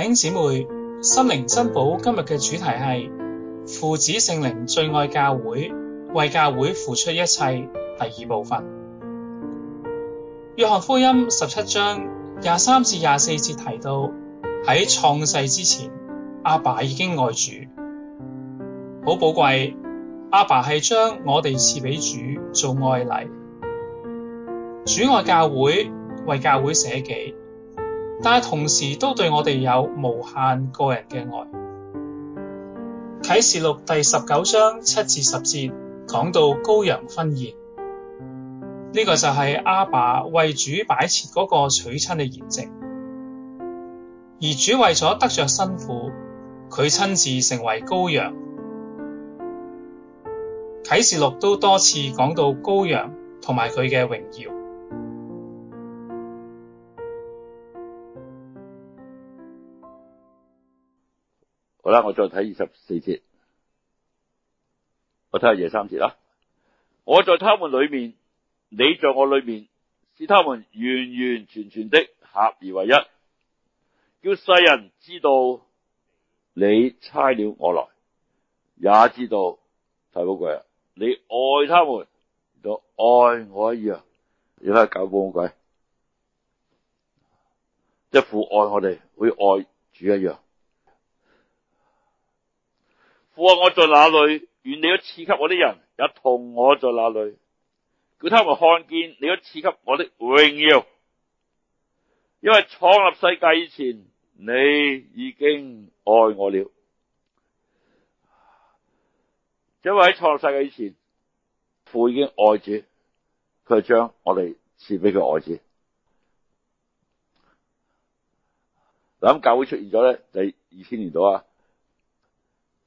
弟兄姊妹，心靈珍寶今日嘅主題係父子聖靈最愛教會，為教會付出一切。第二部分，約翰福音十七章廿三至廿四節提到喺創世之前，阿爸已經愛主，好寶貴。阿爸係將我哋賜畀主做愛例，主愛教會，為教會捨己。但係同時都對我哋有無限個人嘅愛。啟示錄第十九章七至十節講到羔羊婚宴，呢、這個就係阿爸為主擺設嗰個娶親嘅筵席，而主為咗得着新婦，佢親自成為羔羊。啟示錄都多次講到羔羊同埋佢嘅榮耀。好啦，我再睇二十四節，我睇下廿三節啦。我在他們裏面，你在我裏面，使他們完完全全的合而為一，叫世人知道你差了我來，也知道太寶貴啊。你愛他們，就愛我一樣。你睇搞寶貴，即係父愛我哋，會愛主一樣。我我在哪裡，願你所賜給我的人也同我在哪裡，叫他們看見你所賜給我的榮耀。因為創立世界以前，你已經愛我了。因為喺創立世界以前，父已經愛住，佢就將我哋賜俾佢愛住。嗱咁教會出現咗咧，第二千年度啊。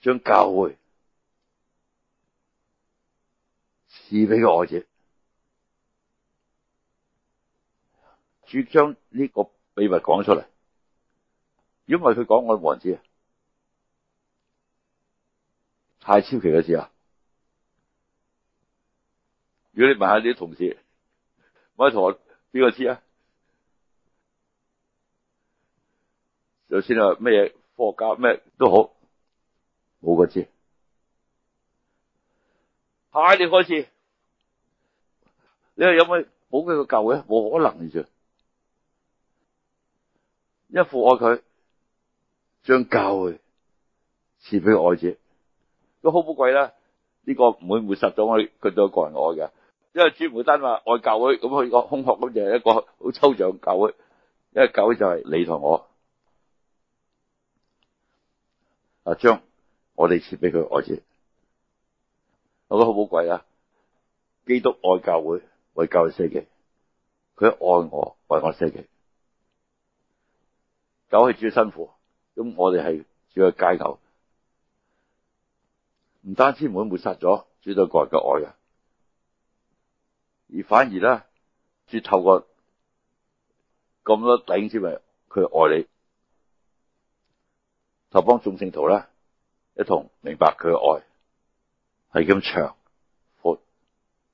將教會賜俾我者，要將呢個秘密講出嚟。如果佢講，我唔知啊。太超奇嘅事啊！如果你問下你啲同事，唔係同邊個知啊？首先啊，咩科學家咩都好。冇個字，派你個字，你係有冇冇佢個舊嘅？冇可能嘅，因為父愛佢將教會賜俾個愛子，都好寶貴啦。呢個唔會抹殺咗我佢哋個人愛嘅，因為主耶穌話愛教會，咁佢個空殼咁就係一個好抽象教會，因為教會就係你同我啊，將。我哋賜俾佢愛住，我覺得好寶貴啊！基督愛教會，為教會捨己，佢愛我，為我捨己。狗係主嘅辛苦，咁我哋係主嘅街頭，唔單止唔會抹殺咗主對個人嘅愛啊，而反而咧，要透過咁多弟兄姊妹佢愛你，頭幫眾聖徒咧。一同明白佢嘅愛係咁長闊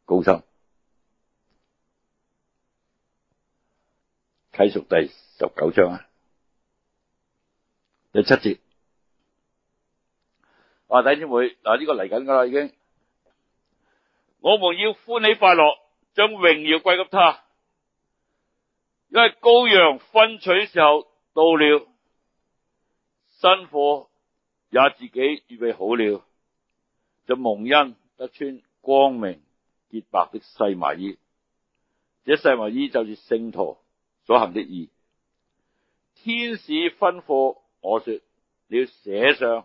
高深。啟示錄第十九章啊，第七節。我話弟兄姊妹嗱，呢個嚟緊噶啦，已經。我們要歡喜快樂，將榮耀歸給祂，因為羔羊婚娶嘅時候到了，新婦。也自己預備好了，就蒙恩得穿光明潔白的細麻衣，這細麻衣就是聖徒所行的義。天使吩咐我說：你要寫上，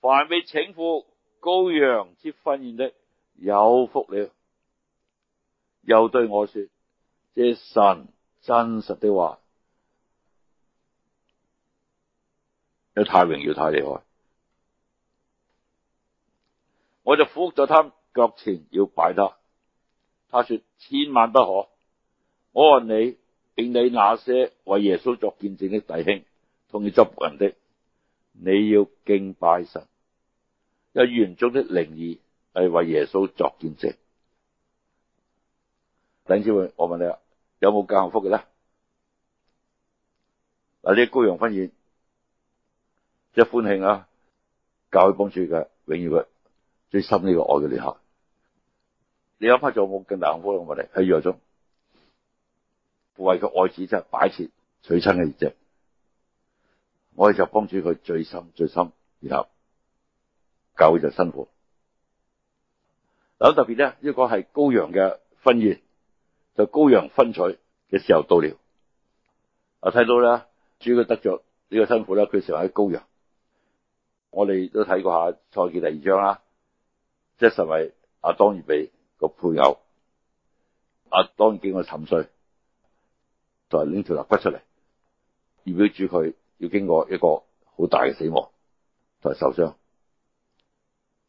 凡被請赴羔羊之婚筵的，有福了。又對我說：這神真實的話。有太榮耀太厲害，我就俯伏在他腳前要拜他。他說，千萬不可。我和你，並你那些為耶穌作見證的弟兄，同是作僕人的，你要敬拜神。有預言中的靈意，係為耶穌作見證。弟兄姐妹，我問你，有冇更幸福嘅咧？嗱、這個，啲羔羊婚筵。一歡慶啊！教會幫住佢，永遠佢最深呢個愛嘅裂合。你諗下，仲有冇更大幸福嘅問題？喺預約中，為個愛子真係擺設娶親嘅藉。我哋就幫住佢最深最深，然後，教會就辛苦。有、那個、特別咧，一個係羔羊嘅婚宴，就羔羊婚娶嘅時候到了。我睇到咧，主要佢得著呢個辛苦咧，佢成為喺羔羊。我哋都睇過下《賽記》第二章啦，即係神為阿當預備個配偶阿、啊、當經過沉睡，就埋、是、拎條肋骨出嚟，要表住佢要經過一個好大嘅死亡就埋、是、受傷，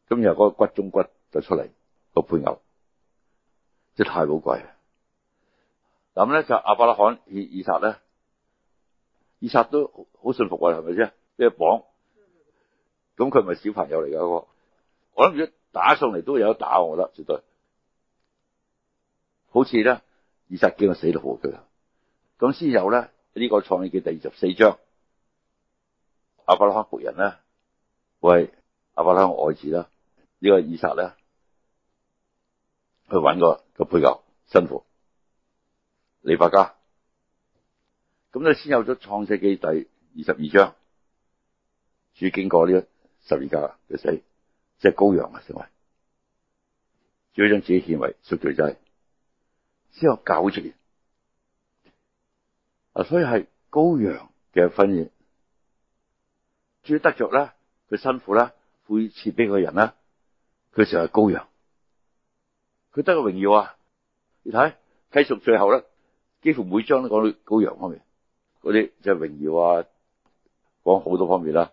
今日嗰個骨中骨就出嚟個配偶，即、就、係、是、太寶貴。咁咧就是、阿伯拉罕與以撒咧，以撒都好信服佢，係咪先？俾佢綁。咁佢咪小朋友嚟㗎？我諗住打上嚟都有得打，我得絕對。好似咧，以撒叫佢死到好渠啦。咁先有咧呢、這個創世紀第二十四章，亞伯拉罕僕人啦，喂，亞伯拉罕愛子啦，呢個以撒咧，去搵個個配角，辛苦利百加。咁咧先有咗創世紀第二十二章，主經過呢一。十二家嘅死，即、就、係、是、羔羊啊，成為，最後將自己獻為贖罪祭，先有教會出現。啊，所以係羔羊嘅婚姻，至於得着咧，佢辛苦咧，付切俾嗰個人咧，佢就係羔羊，佢得個榮耀啊！你睇，繼續最後咧，幾乎每章都講到羔羊方面，嗰啲即係榮耀啊，講好多方面啦。